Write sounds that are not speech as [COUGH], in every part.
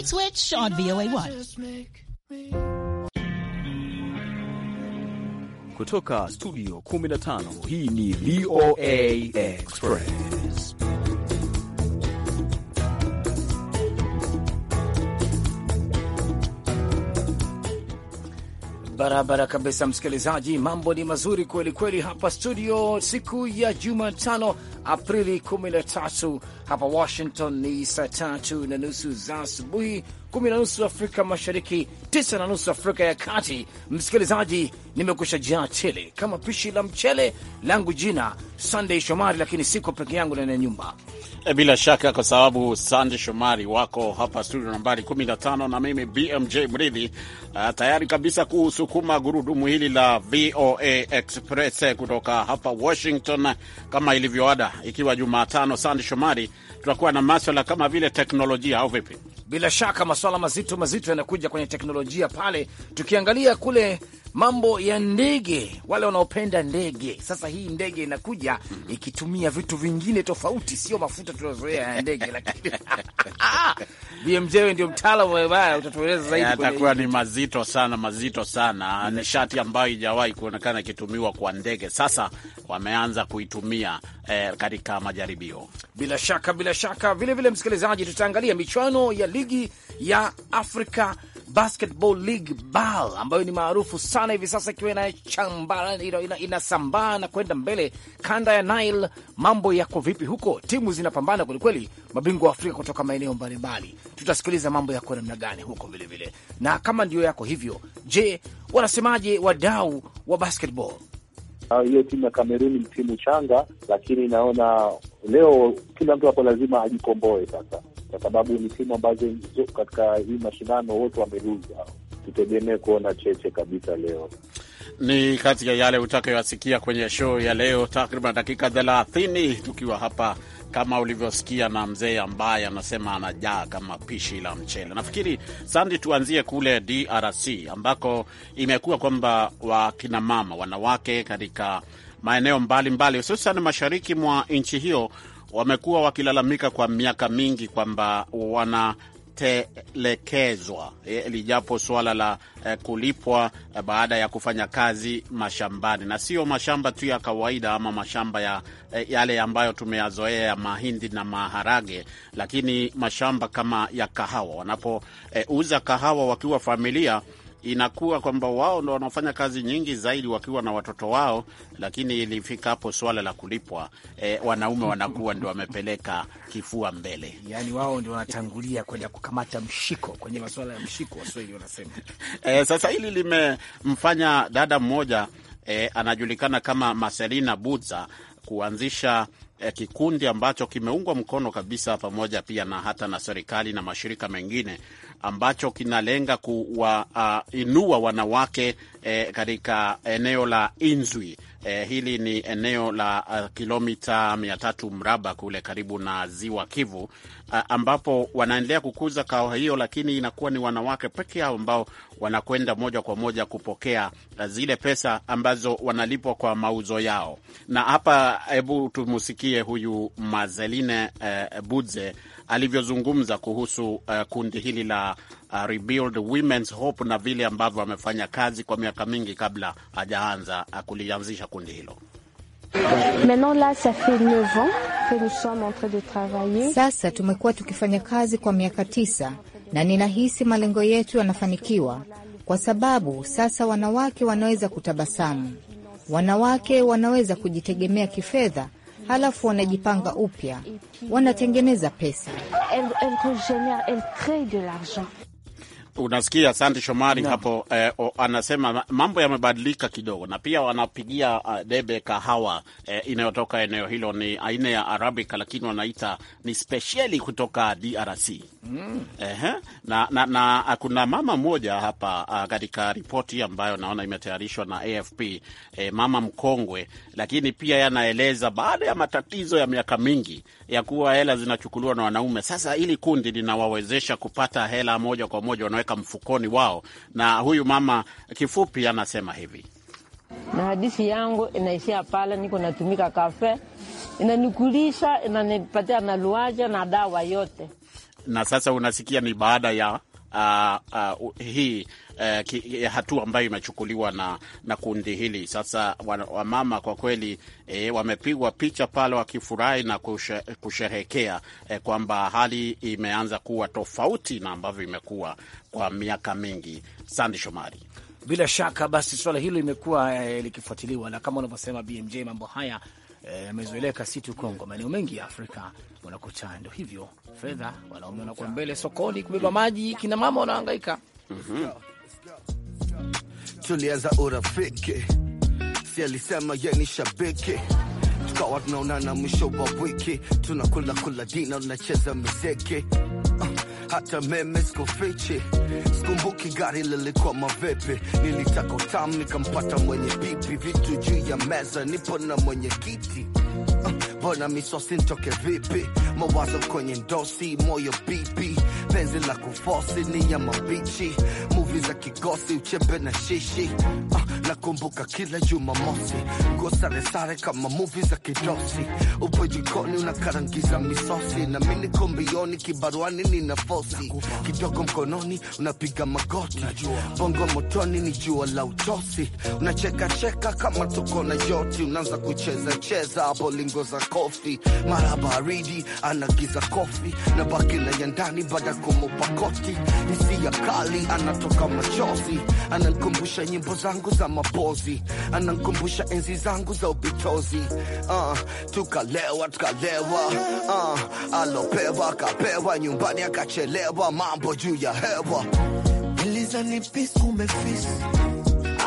Night Switch on VOA1. Kutoka studio 15 hii ni VOA Express. Barabara kabisa, msikilizaji, mambo ni mazuri kweli kweli hapa studio, siku ya Jumatano Aprili 13. Hapa Washington ni saa tatu na nusu za asubuhi, kumi na nusu Afrika Mashariki, tisa na nusu Afrika ya Kati. Msikilizaji, nimekusha jaa tele kama pishi la mchele langu. Jina Sunday Shomari, lakini siko peke yangu ndani ya nyumba Eh, bila shaka kwa sababu Sande Shomari wako hapa studio nambari 15 na mimi BMJ Mridhi, uh, tayari kabisa kusukuma gurudumu hili la VOA Express kutoka hapa Washington kama ilivyoada, ikiwa Jumatano. Sande Shomari, tutakuwa na maswala kama vile teknolojia au vipi? Bila shaka maswala mazito mazito yanakuja kwenye teknolojia pale, tukiangalia kule mambo ya ndege, wale wanaopenda ndege. Sasa hii ndege inakuja ikitumia vitu vingine tofauti, sio mafuta tunazoea ya ndege, lakini [LAUGHS] ah, BMJ ndio mtaalamu wabaya, utatueleza zaidi. Atakuwa ni mazito sana, mazito sana, nishati ambayo ijawahi kuonekana ikitumiwa kwa ndege. Sasa wameanza kuitumia eh, katika majaribio. Bila shaka, bila shaka, vilevile msikilizaji, tutaangalia michuano ya ligi ya Afrika Basketball League BAL ambayo ni maarufu sana hivi sasa, ikiwa inasambaa ina, ina na kwenda mbele. Kanda ya Nile, mambo yako vipi huko? Timu zinapambana kwelikweli, mabingwa wa Afrika kutoka maeneo mbalimbali. Tutasikiliza mambo yako namna gani huko vilevile, na kama ndio yako hivyo, je, wanasemaje wadau wa basketball? Ah, hiyo timu ya Kameruni ni timu changa, lakini naona leo kila mtu hapo lazima ajikomboe sasa kwa sababu ni timu ambazo katika hii mashindano wote wameluza. Tutegemee kuona cheche kabisa leo. Ni kati ya yale utakayoyasikia kwenye show ya leo, takriban dakika thelathini tukiwa hapa kama ulivyosikia na mzee ambaye anasema anajaa kama pishi la mchele. Nafikiri Sandi, tuanzie kule DRC ambako imekuwa kwamba wakinamama, wanawake katika maeneo mbalimbali hususan mashariki mwa nchi hiyo wamekuwa wakilalamika kwa miaka mingi kwamba wana telekezwa e, lijapo suala la e, kulipwa e, baada ya kufanya kazi mashambani, na sio mashamba tu ya kawaida ama mashamba ya yale ambayo tumeyazoea ya mahindi na maharage, lakini mashamba kama ya kahawa. Wanapouza eh, kahawa wakiwa familia inakuwa kwamba wao ndo wanaofanya kazi nyingi zaidi wakiwa na watoto wao, lakini ilifika hapo swala la kulipwa e, wanaume wanakuwa ndo wamepeleka kifua mbele, yani wao ndo wanatangulia kwenda kukamata mshiko kwenye masuala ya mshiko, Waswahili wanasema. E, sasa hili limemfanya dada mmoja e, anajulikana kama Marcelina Buza kuanzisha e, kikundi ambacho kimeungwa mkono kabisa pamoja pia na hata na serikali na mashirika mengine ambacho kinalenga kuwainua uh, wanawake eh, katika eneo la Inzwi. Eh, hili ni eneo la uh, kilomita mia tatu mraba kule karibu na ziwa Kivu uh, ambapo wanaendelea kukuza kawa hiyo, lakini inakuwa ni wanawake peke yao ambao wanakwenda moja kwa moja kupokea uh, zile pesa ambazo wanalipwa kwa mauzo yao. Na hapa hebu tumusikie huyu Mazeline uh, Budze alivyozungumza kuhusu uh, kundi hili la uh, Rebuild Women's Hope na vile ambavyo amefanya kazi kwa miaka mingi kabla hajaanza uh, kulianzisha kundi hilo. Sasa tumekuwa tukifanya kazi kwa miaka tisa na ninahisi malengo yetu yanafanikiwa kwa sababu sasa wanawake wanaweza kutabasamu, wanawake wanaweza kujitegemea kifedha halafu wanajipanga upya, wanatengeneza pesa. Unasikia asante Shomari Hapo eh, o, anasema mambo yamebadilika kidogo, na pia wanapigia uh, debe kahawa eh, inayotoka eneo hilo ni aina ya Arabica, lakini wanaita ni speciali kutoka DRC mm. na, na, na ah, kuna mama mmoja hapa uh, katika ripoti ambayo naona imetayarishwa na AFP eh, mama mkongwe, lakini pia yanaeleza baada ya matatizo ya miaka mingi ya kuwa hela zinachukuliwa na wanaume, sasa hili kundi linawawezesha kupata hela moja kwa moja wameweka mfukoni wao. Na huyu mama kifupi anasema hivi: na hadithi yangu inaishia pale, niko natumika kafe, inanikulisha, inanipatia na luaja na dawa yote. Na sasa unasikia ni baada ya uh, uh, hii uh, ki, hatua ambayo imechukuliwa na, na kundi hili. Sasa wamama kwa kweli eh, wamepigwa picha pale wakifurahi na kushe, kusherehekea eh, kwamba hali imeanza kuwa tofauti na ambavyo imekuwa kwa miaka mingi. Sandi Shomari. Bila shaka basi, suala hilo limekuwa eh, likifuatiliwa na kama unavyosema BMJ, mambo haya yamezoeleka, eh, e, si tu Kongo, maeneo mengi ya Afrika wanakutana. ndo hivyo fedha, wanaume wanakuwa mbele sokoni kubeba maji, kina mama wanahangaika. Tulianza mhm. urafiki, si alisema ye ni shabiki tukawa tunaonana mwisho wa wiki tunakula kula dina, tunacheza muziki uh hata meme sikofichi, sikumbuki gari lilikuwa mavepe, nilitaka utamu nikampata mwenye pipi, vitu juu ya meza nipo na mwenye kiti mbona misosi nitoke vipi? Mawazo kwenye ndosi, moyo bipi penzi la kufosi ni ya mabichi, muvi za kigosi, uchepe na shishi. Ah, nakumbuka kila Jumamosi nguo sare sare kama muvi za kidosi, upo jikoni unakarangiza misosi, nami niko mbioni, kibaruani nina fosi kidogo mkononi, unapiga magoti, bongo motoni, ni jua la utosi, unachekacheka kama tuko na joti, unaanza kuchezacheza hapo lingo za makofi, mara baridi anagiza kofi na bakila ya ndani baada kumupa koti, ya kali anatoka machozi, anankumbusha nyimbo zangu za mapozi, anankumbusha enzi zangu za ubitozi. Uh, ah, tukalewa tukalewa, uh, alopewa akapewa, nyumbani akachelewa, mambo juu ya hewa, nilizani pisi umefisi,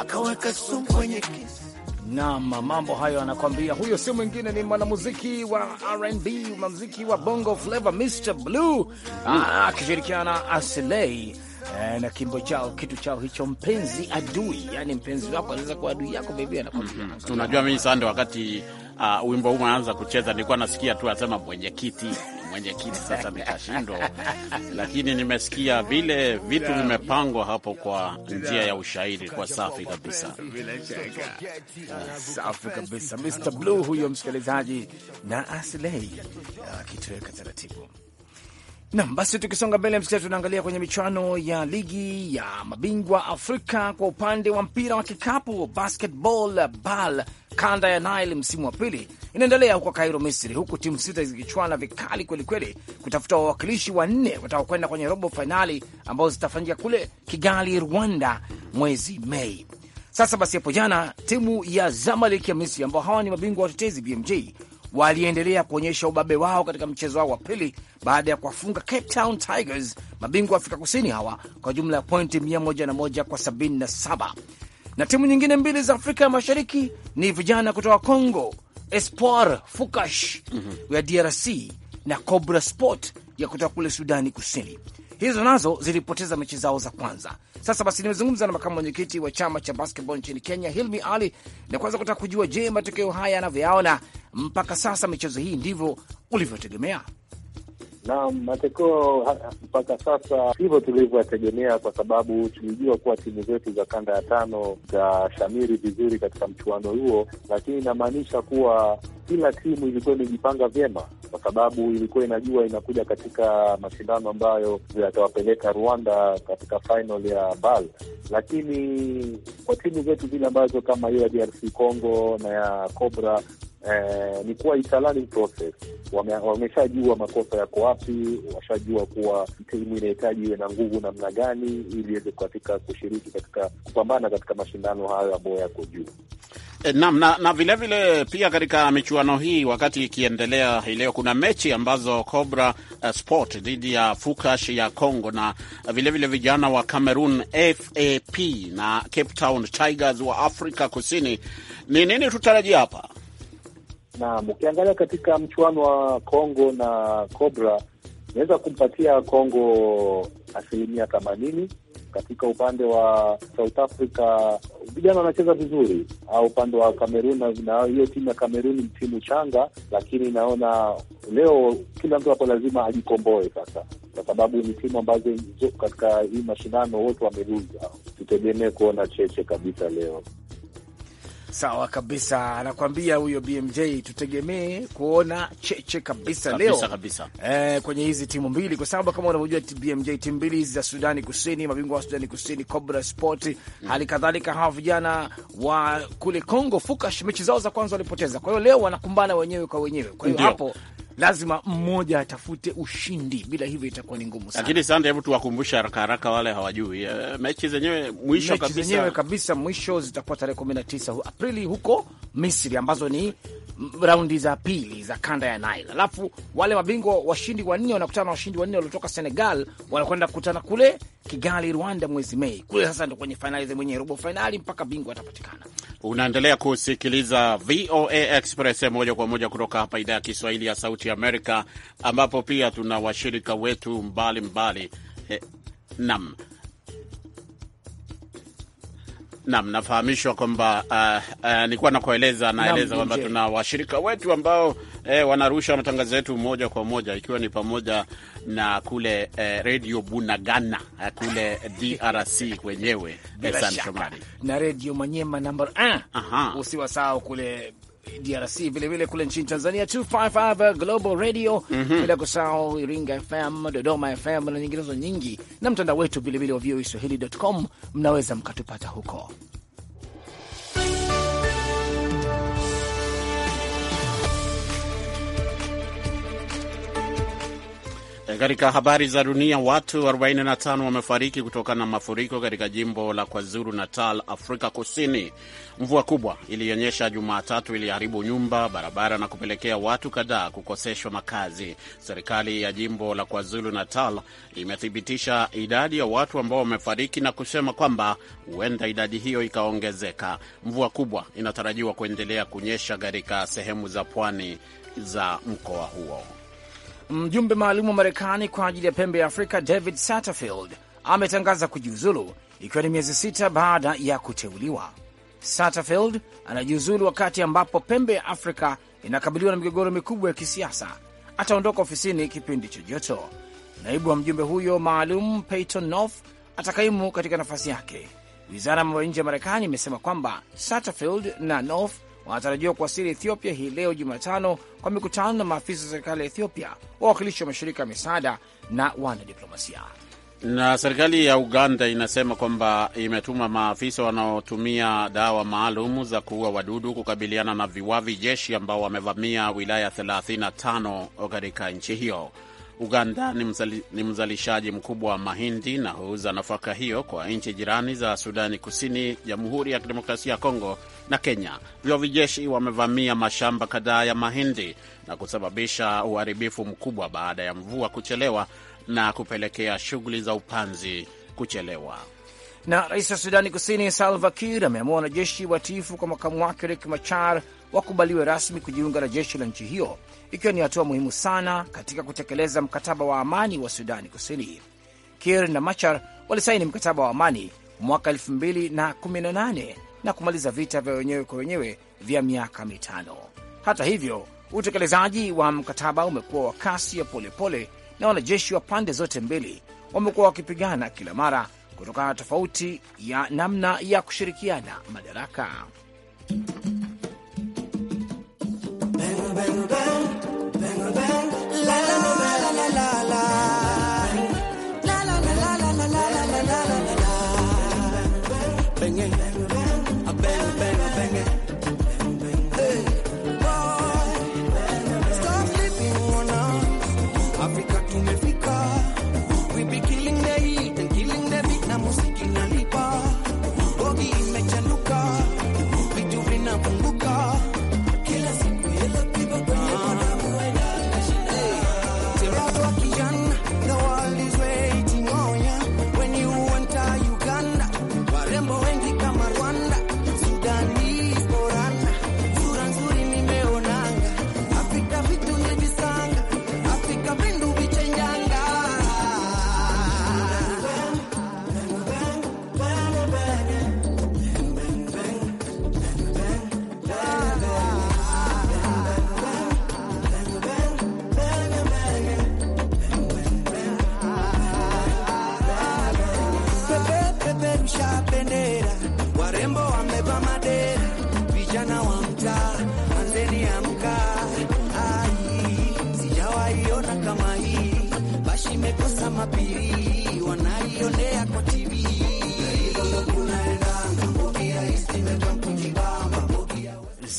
akaweka sumu kwenye kisi Naam, mambo hayo anakwambia huyo, si mwingine ni mwanamuziki wa RnB, mwanamuziki wa bongo flava Mr Blue ah, akishirikiana na Asley eh, na kimbo chao kitu chao hicho, mpenzi adui. Yani mpenzi wako anaweza kuwa adui yako, bebi, anakwambia. Mm, mm. Unajua mimi sande wakati uh, wimbo huu anaanza kucheza, nilikuwa nasikia tu asema mwenyekiti mwenyekiti, sasa nikashindwa, lakini nimesikia vile vitu vimepangwa hapo kwa njia ya ushairi kwa safi kabisa, safi kabisa. Mr Blue huyo msikilizaji na aslei akitoweka taratibu Nam, basi tukisonga mbele, msikilizaji, tunaangalia kwenye michuano ya ligi ya mabingwa Afrika kwa upande wa mpira wa kikapu basketball BAL kanda ya Nile msimu wa pili inaendelea huko Kairo, Misri, huku timu sita zikichuana vikali kwelikweli kutafuta wawakilishi wanne watakokwenda kwenye robo fainali ambazo zitafanyika kule Kigali, Rwanda, mwezi Mei. Sasa basi, hapo jana timu ya Zamalek ya Misri ambao hawa ni mabingwa watetezi BMJ waliendelea kuonyesha ubabe wao katika mchezo wao wa pili baada ya kuwafunga Cape Town Tigers, mabingwa Afrika Kusini hawa kwa jumla ya pointi 101 kwa 77. Na timu nyingine mbili za Afrika Mashariki ni vijana kutoka Congo, Espoir Fukash mm -hmm. ya DRC na Cobra Sport ya kutoka kule Sudani Kusini hizo nazo zilipoteza mechi zao za kwanza. Sasa basi, nimezungumza na makamu mwenyekiti wa chama cha basketball nchini Kenya, Hilmi Ali, na kwanza kutaka kujua, je, matokeo haya anavyoyaona mpaka sasa, michezo hii ndivyo ulivyotegemea? na matokeo mpaka sasa hivyo tulivyoyategemea, kwa sababu tulijua kuwa timu zetu za kanda ya tano za shamiri vizuri katika mchuano huo, lakini inamaanisha kuwa kila timu ilikuwa imejipanga vyema, kwa sababu ilikuwa inajua inakuja katika mashindano ambayo yatawapeleka Rwanda katika final ya BAL. Lakini kwa timu zetu zile ambazo kama hiyo ya DRC Congo na ya Cobra eh, ni kuwa it's a learning process. Wame, wameshajua makosa yako wapi, washajua kuwa timu inahitaji iwe na nguvu namna gani ili iweze katika kushiriki katika kupambana katika mashindano hayo ambayo yako juu. E, naam na, na vile vile pia katika michuano hii wakati ikiendelea hii leo kuna mechi ambazo Cobra uh, Sport dhidi ya Fukash ya Congo na vilevile eh, vile vijana wa Cameroon FAP na Cape Town Tigers wa Afrika Kusini. Ni nini tutarajia hapa? Naam, ukiangalia katika mchuano wa Kongo na Cobra, inaweza kumpatia Kongo asilimia themanini. Katika upande wa South Africa vijana wanacheza vizuri, au upande wa Kamerun, na hiyo timu ya Kamerun ni timu changa, lakini naona leo kila mtu hapo lazima ajikomboe sasa, kwa sababu ni timu ambazo katika hii mashindano wote wameruza. Tutegemee kuona cheche kabisa leo. Sawa kabisa, anakuambia huyo BMJ, tutegemee kuona cheche kabisa, kabisa leo kabisa. E, kwenye hizi timu mbili, kwa sababu kama unavyojua BMJ, timu mbili hizi za Sudani Kusini, mabingwa wa Sudani Kusini Cobra Sport mm. hali kadhalika hawa vijana wa kule Congo Fukash mechi zao za kwanza walipoteza, kwa hiyo leo wanakumbana wenyewe kwa wenyewe, kwa hiyo hapo lazima mmoja atafute ushindi, bila hivyo itakuwa ni ngumu sana. Lakini sasa, hebu tuwakumbushe haraka haraka wale hawajui uh, mechi zenyewe mwisho kabisa, zenyewe kabisa mwisho zitakuwa tarehe 19 Aprili huko Misri, ambazo ni raundi za pili za kanda ya Nile. Alafu wale mabingwa washindi wanne wanakutana na washindi wanne waliotoka Senegal, wanakwenda kukutana kule Kigali, Rwanda mwezi Mei. Kule sasa ndo kwenye fainali mwenye robo fainali mpaka bingwa atapatikana. Unaendelea kusikiliza VOA Express moja kwa moja kutoka hapa idhaa ya Kiswahili ya Sauti Amerika, ambapo pia tuna washirika wetu mbalimbali mbali. Eh, nam Nam, nafahamishwa kwamba uh, uh, nilikuwa nakueleza naeleza kwamba tuna washirika wetu ambao eh, wanarusha matangazo yetu moja kwa moja ikiwa ni pamoja na kule eh, redio Bunagana eh, kule DRC kwenyewe eh, na redio Manyema namba usiwasahau kule DRC vilevile kule nchini Tanzania 255 uh, Global Radio mm -hmm. bila kusahau Iringa FM, Dodoma FM na nyinginezo nyingi, na mtandao wetu vilevile wa voaswahili.com, mnaweza mkatupata huko. E, katika habari za dunia, watu 45 wamefariki kutokana na mafuriko katika jimbo la KwaZulu Natal, Afrika Kusini. Mvua kubwa ilionyesha Jumatatu iliharibu nyumba, barabara na kupelekea watu kadhaa kukoseshwa makazi. Serikali ya jimbo la KwaZulu Natal imethibitisha idadi ya watu ambao wamefariki na kusema kwamba huenda idadi hiyo ikaongezeka. Mvua kubwa inatarajiwa kuendelea kunyesha katika sehemu za pwani za mkoa huo. Mjumbe maalum wa Marekani kwa ajili ya pembe ya Afrika David Satterfield ametangaza kujiuzulu ikiwa ni miezi sita baada ya kuteuliwa. Satterfield anajiuzulu wakati ambapo pembe ya Afrika inakabiliwa na migogoro mikubwa ya kisiasa. Ataondoka ofisini kipindi cha joto. Naibu wa mjumbe huyo maalum Peyton North atakaimu katika nafasi yake. Wizara ya mambo ya nje ya Marekani imesema kwamba Satterfield na North wanatarajiwa kuwasili Ethiopia hii leo Jumatano kwa mikutano na maafisa wa serikali ya Ethiopia, wawakilishi wa mashirika ya misaada na wanadiplomasia. Na serikali ya Uganda inasema kwamba imetuma maafisa wanaotumia dawa maalum za kuua wadudu kukabiliana na viwavi jeshi ambao wamevamia wilaya 35 katika nchi hiyo. Uganda ni, mzali, ni mzalishaji mkubwa wa mahindi na huuza nafaka hiyo kwa nchi jirani za Sudani Kusini, Jamhuri ya Kidemokrasia ya Kongo na Kenya. vijeshi wamevamia mashamba kadhaa ya mahindi na kusababisha uharibifu mkubwa baada ya mvua kuchelewa na kupelekea shughuli za upanzi kuchelewa. Na rais wa Sudani Kusini Salva Kiir ameamua wanajeshi watiifu kwa makamu wake Riek Machar wakubaliwe rasmi kujiunga na jeshi la nchi hiyo, ikiwa ni hatua muhimu sana katika kutekeleza mkataba wa amani wa Sudani Kusini. Kiir na Machar walisaini mkataba wa amani mwaka 2018 na kumaliza vita vya wenyewe kwa wenyewe vya miaka mitano. Hata hivyo, utekelezaji wa mkataba umekuwa wa kasi ya polepole pole, na wanajeshi wa pande zote mbili wamekuwa wakipigana kila mara kutokana na tofauti ya namna ya kushirikiana madaraka. Bang, bang, bang, bang, bang, la,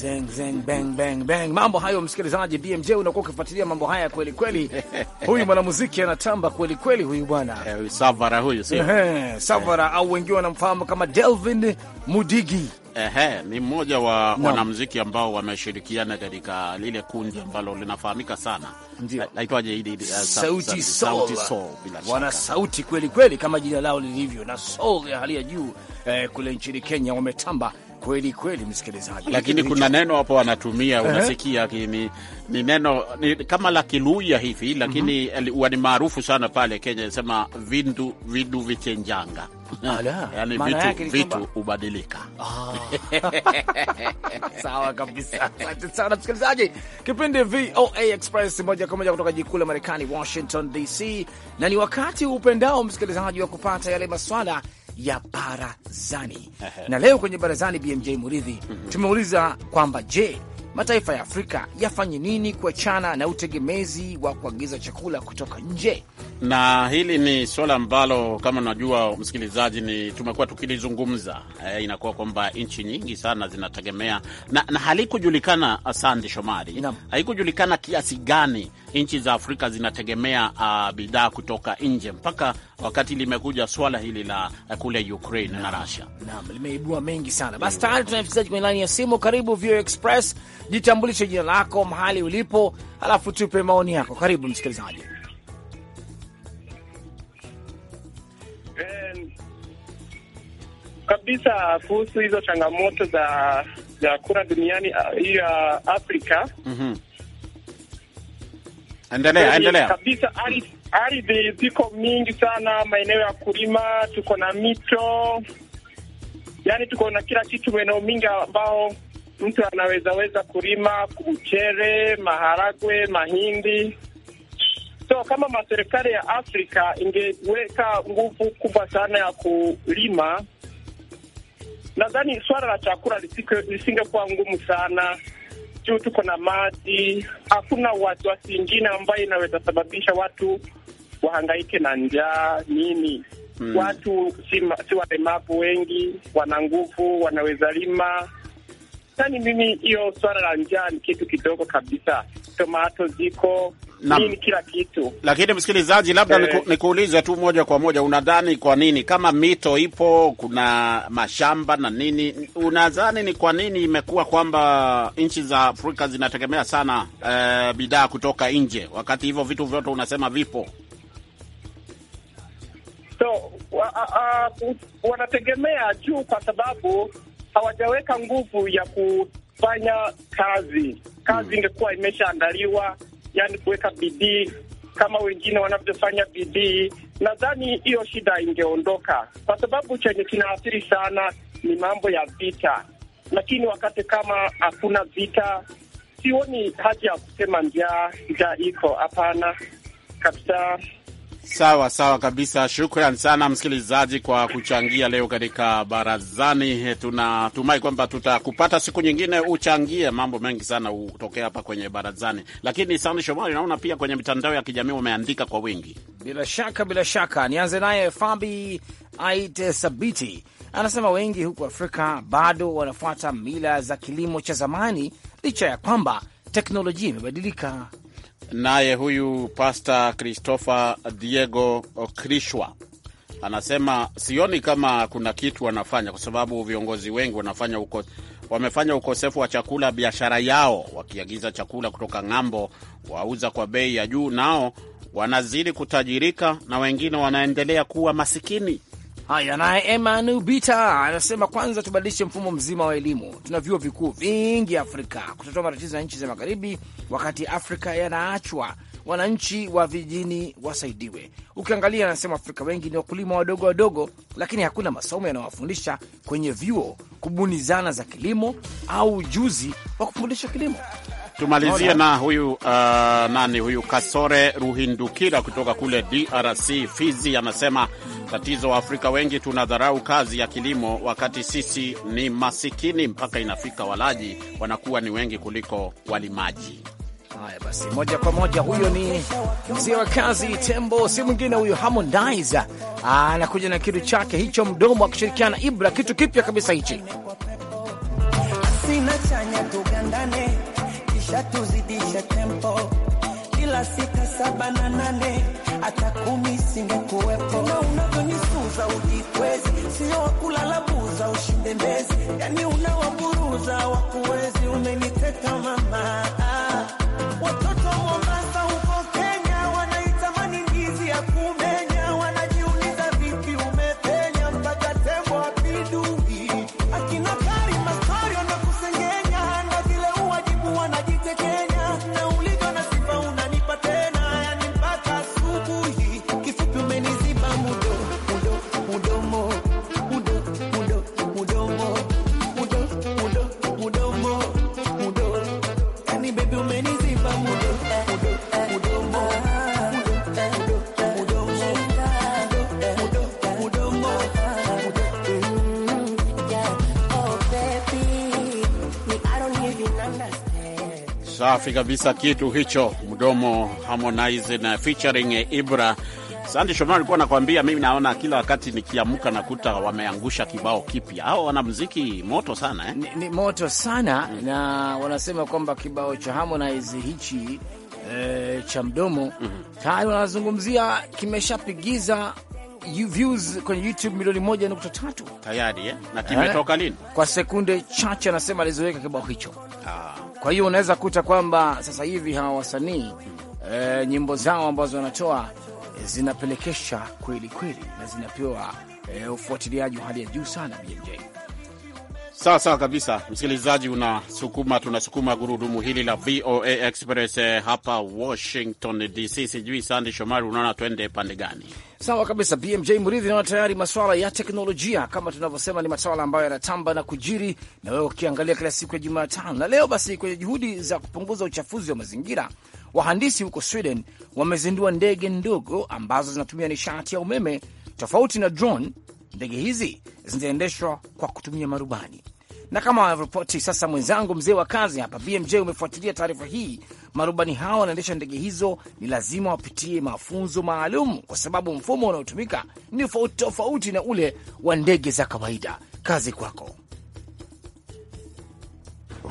Zeng, zeng, bang, bang, bang. Mambo hayo msikilizaji, BMJ unakuwa ukifuatilia mambo haya kweli kweli. [LAUGHS] Huyu mwanamuziki anatamba kweli kweli huyu bwana. Eh, Savara huyu sio? Eh, Savara au wengine wanamfahamu kama Delvin Mudigi. Ehe, ni mmoja wa no. wanamuziki ambao wameshirikiana katika lile kundi ambalo linafahamika sana. Naitwaje hili uh, Sauti Soul. Wana sauti kweli kweli kama jina lao lilivyo na soul ya hali ya juu eh, kule nchini Kenya wametamba kweli kweli, msikilizaji. Lakini kuna neno hapo anatumia, eh? unasikia ni, ni neno ni kama la Kiluya hivi, lakini mm -hmm. ni maarufu sana pale Kenya, nasema vindu vindu vichenjanga [LAUGHS] Yani vitu, vitu hubadilika. Oh. [LAUGHS] [LAUGHS] Sawa kabisa. Asante sana msikilizaji, kipindi VOA Express moja kwa moja kutoka jikuu la Marekani, Washington DC, na ni wakati upendao msikilizaji wa kupata yale maswala ya barazani na leo kwenye barazani BMJ Muridhi, mm -hmm. tumeuliza kwamba je, mataifa ya Afrika yafanye nini kuachana na utegemezi wa kuagiza chakula kutoka nje? na hili ni suala ambalo kama unajua msikilizaji, ni tumekuwa tukilizungumza. E, inakuwa kwamba nchi nyingi sana zinategemea na, na halikujulikana. sandi Shomari, haikujulikana kiasi gani nchi za Afrika zinategemea uh, bidhaa kutoka nje mpaka wakati limekuja swala hili la uh, kule Ukraine na Russia. Naam, limeibua mengi sana. Basi tayari tuna msikilizaji kwenye laini ya simu. Karibu Vio Express, jitambulishe jina lako, mahali ulipo, halafu tupe maoni yako. Karibu msikilizaji. kabisa kuhusu hizo changamoto za za kura duniani uh, hii ya Afrika. mm-hmm. Endelea, yaani endelea. Kabisa, ardhi ziko mingi sana, maeneo ya kulima, tuko na mito, yaani tuko na kila kitu, maeneo mingi ambao mtu anaweza weza kulima mchere, maharagwe, mahindi. So kama maserikali ya Afrika ingeweka nguvu kubwa sana ya kulima Nadhani swala la chakula lisingekuwa ngumu sana juu tuko na maji, hakuna wasiwasi ingine ambayo inaweza sababisha watu wahangaike na njaa nini. Mm. Watu si, si walemavu wengi, wana nguvu, wanaweza lima Yaani mimi hiyo swala la njaa ni kitu kidogo kabisa. Tomato ziko nini, kila kitu. Lakini msikilizaji, labda eh, nikuulize tu moja kwa moja, unadhani kwa nini kama mito ipo, kuna mashamba na nini, unadhani ni kwa nini imekuwa kwamba nchi za Afrika zinategemea sana eh, bidhaa kutoka nje, wakati hivyo vitu vyote unasema vipo? So wa, a, a, wanategemea juu kwa sababu hawajaweka nguvu ya kufanya kazi. Kazi hmm. ingekuwa imeshaandaliwa, yani kuweka bidii kama wengine wanavyofanya bidii, nadhani hiyo shida ingeondoka, kwa sababu chenye kinaathiri sana ni mambo ya vita. Lakini wakati kama hakuna vita, sioni haja ya kusema njaa njaa iko. Hapana kabisa. Sawa sawa kabisa, shukran sana msikilizaji kwa kuchangia leo katika barazani. Tunatumai kwamba tutakupata siku nyingine uchangie. Mambo mengi sana hutokea hapa kwenye barazani, lakini sandi Shomari, naona pia kwenye mitandao ya kijamii wameandika kwa wingi. Bila shaka, bila shaka, nianze naye Fabi Aite Sabiti anasema wengi huku Afrika bado wanafuata mila za kilimo cha zamani licha ya kwamba teknolojia imebadilika. Naye huyu Pasta Christopher Diego Krishwa anasema sioni kama kuna kitu wanafanya, kwa sababu viongozi wengi wanafanya uko, wamefanya ukosefu wa chakula biashara yao, wakiagiza chakula kutoka ng'ambo, wauza kwa bei ya juu, nao wanazidi kutajirika na wengine wanaendelea kuwa masikini. Haya, naye Emanu Bita anasema kwanza tubadilishe mfumo mzima wa elimu. Tuna vyuo vikuu vingi Afrika, kutatua matatizo ya nchi za magharibi, wakati Afrika yanaachwa. Wananchi wa vijijini wasaidiwe. Ukiangalia, anasema Afrika wengi ni wakulima wadogo wadogo, lakini hakuna masomo yanayowafundisha kwenye vyuo kubuni zana za kilimo au ujuzi wa kufundisha kilimo. Tumalizie na huyu uh, nani huyu Kasore Ruhindukira kutoka kule DRC Fizi, anasema Tatizo Waafrika wengi tunadharau kazi ya kilimo, wakati sisi ni masikini, mpaka inafika walaji wanakuwa ni wengi kuliko walimaji. Haya basi, moja kwa moja, huyo ni mzee wa kazi Tembo, si mwingine huyo Harmonize anakuja na kitu chake hicho, mdomo akishirikiana na Ibra, kitu kipya kabisa hichi sina chanya tugandane, kisha tuzidishe tempo, sita saba na nane hata kumi singekuwepo sio wakulala buza, ushinde mbezi, yani unawaburuza wakuwezi, umeniteka mama ah, watoto safi kabisa kitu hicho, mdomo Harmonize na featuring Ibra. Sandi Shomari alikuwa nakwambia, mimi naona kila wakati nikiamka nakuta wameangusha kibao kipya. Hao mziki moto sana eh? Ni, ni moto sana hmm. na wanasema kwamba kibao cha Harmonize hichi e, cha mdomo -hmm. tayari wanazungumzia kimeshapigiza views kwenye YouTube milioni moja nukta tatu tayari eh? na kimetoka eh? lini? Kwa sekunde chache anasema alizoweka kibao hicho ah. Kwa hiyo unaweza kuta kwamba sasa hivi hawa wasanii e, nyimbo zao ambazo wanatoa e, zinapelekesha kweli kweli na zinapewa e, ufuatiliaji wa hali ya juu sana BMJ. Sawa sawa kabisa, msikilizaji, unasukuma tunasukuma gurudumu hili la VOA Express eh, hapa Washington DC. Sijui Sandi Shomari, unaona twende pande gani? Sawa kabisa, BMJ Mridhi. Naona tayari maswala ya teknolojia kama tunavyosema ni maswala ambayo yanatamba na kujiri, na wewe ukiangalia kila siku ya Jumatano na leo. Basi, kwenye juhudi za kupunguza uchafuzi wa mazingira, wahandisi huko Sweden wamezindua ndege ndogo ambazo zinatumia nishati ya umeme tofauti na drone ndege hizi zinaendeshwa kwa kutumia marubani, na kama anavyoripoti sasa mwenzangu mzee wa kazi hapa BMJ, umefuatilia taarifa hii. Marubani hao wanaendesha ndege hizo ni lazima wapitie mafunzo maalum, kwa sababu mfumo unaotumika ni tofauti na ule wa ndege za kawaida. Kazi kwako.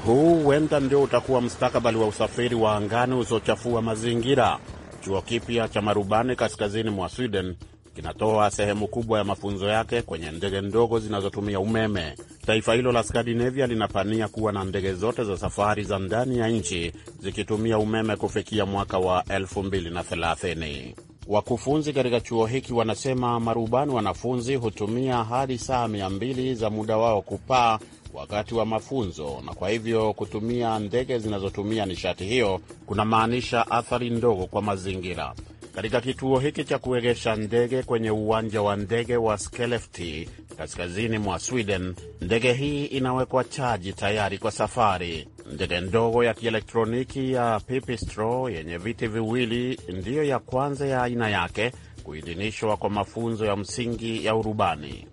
Huu huenda ndio utakuwa mstakabali wa usafiri wa angani usiochafua mazingira. Chuo kipya cha marubani kaskazini mwa Sweden kinatoa sehemu kubwa ya mafunzo yake kwenye ndege ndogo zinazotumia umeme. Taifa hilo la Skandinavia linapania kuwa na ndege zote za safari za ndani ya nchi zikitumia umeme kufikia mwaka wa 2030. Wakufunzi katika chuo hiki wanasema marubani wanafunzi hutumia hadi saa mbili za muda wao kupaa wakati wa mafunzo, na kwa hivyo kutumia ndege zinazotumia nishati hiyo kunamaanisha athari ndogo kwa mazingira katika kituo hiki cha kuegesha ndege kwenye uwanja wa ndege wa Skellefteå kaskazini mwa Sweden. Ndege hii inawekwa chaji tayari kwa safari. Ndege ndogo ya kielektroniki ya Pipistrel yenye viti viwili ndiyo ya kwanza ya aina yake kuidhinishwa kwa mafunzo ya msingi ya urubani.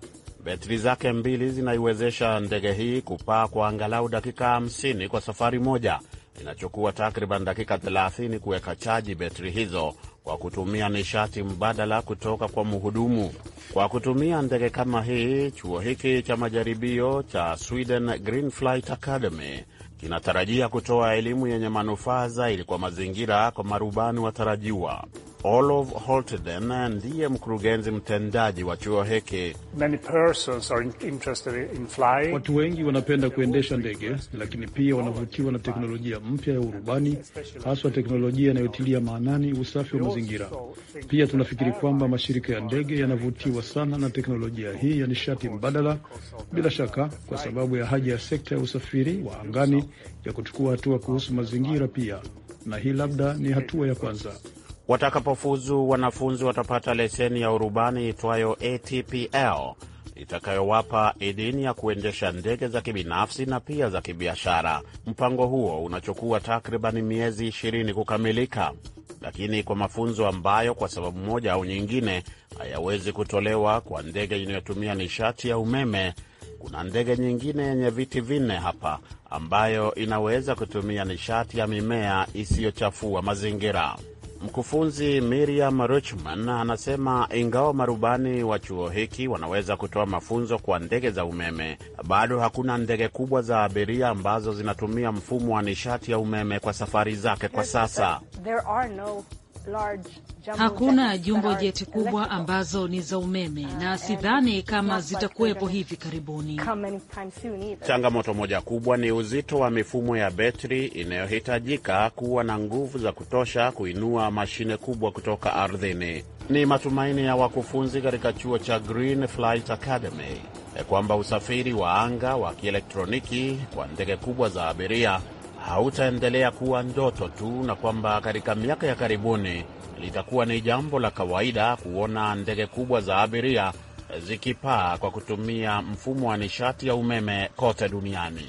Betri zake mbili zinaiwezesha ndege hii kupaa kwa angalau dakika 50 kwa safari moja. Inachukua takriban dakika 30 kuweka chaji betri hizo kwa kutumia nishati mbadala kutoka kwa mhudumu. Kwa kutumia ndege kama hii, chuo hiki cha majaribio cha Sweden Green Flight Academy kinatarajia kutoa elimu yenye manufaa zaidi kwa mazingira kwa marubani watarajiwa. Olof Holteden ndiye mkurugenzi mtendaji wa chuo hiki. in watu wengi wanapenda kuendesha ndege, lakini pia wanavutiwa na teknolojia mpya ya urubani, haswa teknolojia inayotilia maanani usafi wa mazingira. Pia tunafikiri kwamba mashirika ya ndege yanavutiwa sana na teknolojia hii ya nishati mbadala, bila shaka kwa sababu ya haja ya sekta ya usafiri wa angani ya kuchukua hatua kuhusu mazingira pia, na hii labda ni hatua ya kwanza. Watakapofuzu, wanafunzi watapata leseni ya urubani itwayo ATPL itakayowapa idhini ya kuendesha ndege za kibinafsi na pia za kibiashara. Mpango huo unachukua takribani miezi ishirini kukamilika, lakini kwa mafunzo ambayo kwa sababu moja au nyingine hayawezi kutolewa kwa ndege inayotumia nishati ya umeme, kuna ndege nyingine yenye viti vinne hapa ambayo inaweza kutumia nishati ya mimea isiyochafua mazingira. Mkufunzi Miriam Rochman anasema ingawa marubani wa chuo hiki wanaweza kutoa mafunzo kwa ndege za umeme, bado hakuna ndege kubwa za abiria ambazo zinatumia mfumo wa nishati ya umeme kwa safari zake kwa sasa. There are no Hakuna jumbo jeti kubwa ambazo ni za umeme na sidhani kama zitakuwepo hivi karibuni. Changamoto moja kubwa ni uzito wa mifumo ya betri inayohitajika kuwa na nguvu za kutosha kuinua mashine kubwa kutoka ardhini. Ni matumaini ya wakufunzi katika chuo cha Green Flight Academy eh, kwamba usafiri wa anga wa kielektroniki kwa ndege kubwa za abiria hautaendelea kuwa ndoto tu na kwamba katika miaka ya karibuni litakuwa ni jambo la kawaida kuona ndege kubwa za abiria zikipaa kwa kutumia mfumo wa nishati ya umeme kote duniani.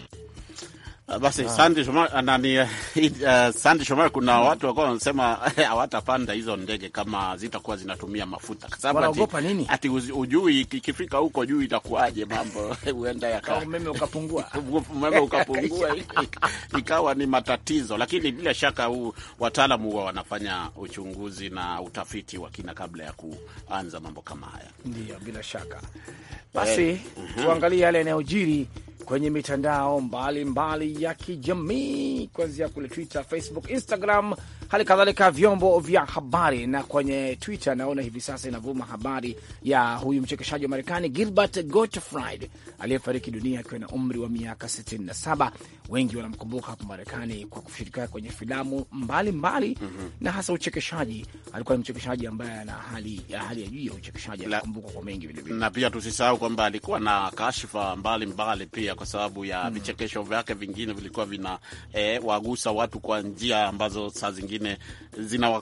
Ah, basi ah. Sandi Shomari ah, nani, eh, uh, [LAUGHS] eh, Sandi Shomari, kuna hmm, watu wakuwa wanasema [LAUGHS] hawatapanda hizo ndege kama zitakuwa zinatumia mafuta, kwa sababu wanaogopa nini, ati ujui ikifika huko juu itakuwaje mambo [LAUGHS] huenda yaka umeme ukapungua umeme ukapungua ikawa ni matatizo. Lakini bila shaka huu wataalamu huwa wanafanya uchunguzi na utafiti wa kina kabla ya kuanza mambo kama haya. Ndio, bila shaka eh, basi, eh, tuangalie yale yanayojiri kwenye mitandao mbalimbali mbali ya kijamii kuanzia kule Twitter, Facebook, Instagram hali kadhalika vyombo vya habari. Na kwenye Twitter naona hivi sasa inavuma habari ya huyu mchekeshaji wa Marekani Gilbert Gottfried aliyefariki dunia akiwa na umri wa miaka 67. Wengi wanamkumbuka hapa Marekani kwa kushirikia kwenye filamu mbalimbali mbali, mm -hmm. na hasa uchekeshaji. Alikuwa ni mchekeshaji ambaye ana hali ya hali ya juu ya uchekeshaji, anakumbukwa kwa mengi vilevile, na pia tusisahau kwamba alikuwa na kashfa mbalimbali pia kwa sababu ya mm. vichekesho mm -hmm. vyake vingine vilikuwa vina eh, wagusa watu kwa njia ambazo saa zingine zingine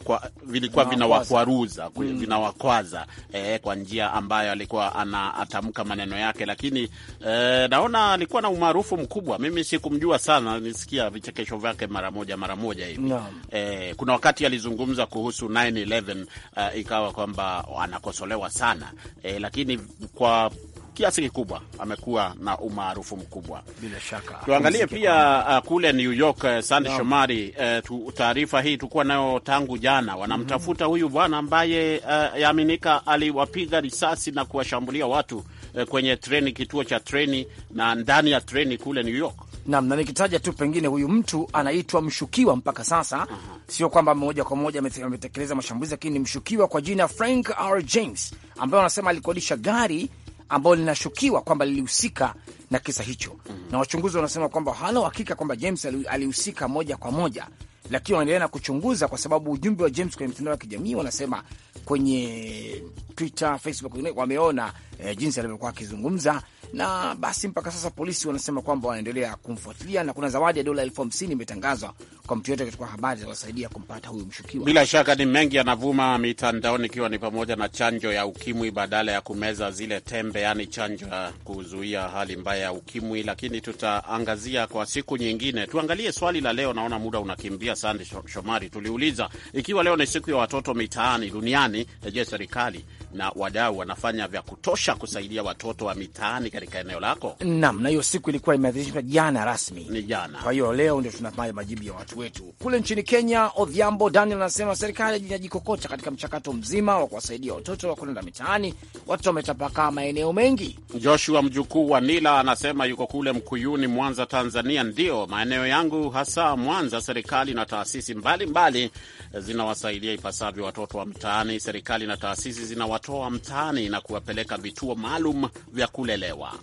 vilikuwa vinawakwaruza mm. vinawakwaza eh, kwa njia ambayo alikuwa anatamka maneno yake, lakini eh, naona alikuwa na umaarufu mkubwa. Mimi sikumjua sana, nisikia vichekesho vyake mara moja mara moja hivi no. Eh, kuna wakati alizungumza kuhusu 9/11 eh, ikawa kwamba anakosolewa sana eh, lakini kwa kiasi kikubwa amekuwa na umaarufu mkubwa. Bila shaka tuangalie pia uh, kule New York uh, Sande no. Shomari uh, taarifa hii tukuwa nayo tangu jana, wanamtafuta mm -hmm. huyu bwana ambaye uh, yaaminika aliwapiga risasi na kuwashambulia watu uh, kwenye treni, kituo cha treni na ndani ya treni kule New York nam na nikitaja tu pengine huyu mtu anaitwa mshukiwa mpaka sasa, sio kwamba moja kwa moja ametekeleza mashambulizi, lakini ni mshukiwa kwa jina Frank R James ambaye wanasema alikodisha gari ambao linashukiwa kwamba lilihusika na kisa hicho mm -hmm. na wachunguzi wanasema kwamba hana uhakika kwamba James alihusika moja kwa moja, lakini wanaendelea na kuchunguza, kwa sababu ujumbe wa James kwenye mitandao ya kijamii wanasema kwenye Twitter, Facebook wameona eh, jinsi alivyokuwa akizungumza, na basi mpaka sasa polisi wanasema kwamba wanaendelea kumfuatilia na kuna zawadi ya dola elfu hamsini imetangazwa kwa mtu yote katika habari zawasaidia kumpata huyu mshukiwa. Bila shaka ni mengi yanavuma mitandaoni, ikiwa ni pamoja na chanjo ya ukimwi badala ya kumeza zile tembe, yaani chanjo ya kuzuia hali mbaya ya ukimwi, lakini tutaangazia kwa siku nyingine. Tuangalie swali la leo, naona muda unakimbia kuangazia. Sande Shomari, tuliuliza ikiwa leo ni siku ya watoto mitaani duniani, je, serikali na wadau wanafanya vya kutosha kusaidia watoto wa mitaani katika eneo lako? Naam, na hiyo siku ilikuwa imeadhirishwa jana rasmi, ni jana. Kwa hiyo leo ndio tunafanya majibu ya watu wetu. Kule nchini Kenya, Odhiambo Daniel anasema serikali inajikokota katika mchakato mzima wa kuwasaidia watoto wa kwenda mitaani. Watoto wametapakaa maeneo mengi. Joshua mjukuu wa Nila anasema yuko kule Mkuyuni, Mwanza, Tanzania. ndio maeneo yangu hasa Mwanza, serikali na taasisi mbalimbali mbali zinawasaidia ipasavyo watoto wa mtaani. Serikali na taasisi zinawatoa mtaani na kuwapeleka vituo maalum vya kulelewa.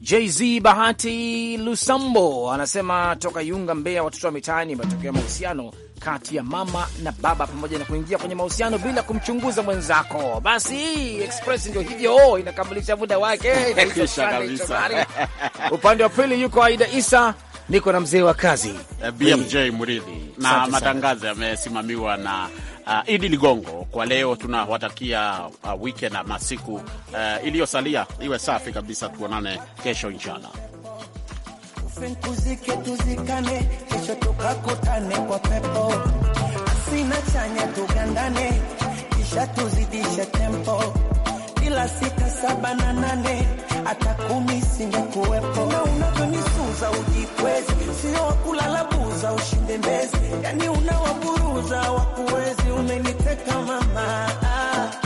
JZ Bahati Lusambo anasema toka Yunga, Mbeya, watoto wa mitaani, matokeo ya mahusiano kati ya mama na baba, pamoja na kuingia kwenye mahusiano bila kumchunguza mwenzako. Basi hii express ndio hivyo inakamilisha muda wake. [LAUGHS] Upande wa pili yuko Aida Isa niko na mzee wa kazi eh, BMJ Mridhi na matangazo yamesimamiwa na uh, Idi Ligongo. Kwa leo tunawatakia uh, weekend ama siku uh, iliyosalia iwe safi kabisa. Tuonane kesho inshallah. Tuzike tuzikane, kesho tukakutane kwa pepo, sina chanya tugandane, kisha tuzidishe tempo, bila sita saba na nane hata kumi singekuwepo unawaburuza ujikwezi, sio wakulala buza ushinde mbezi, yani unawaburuza wakuwezi, umeniteka mama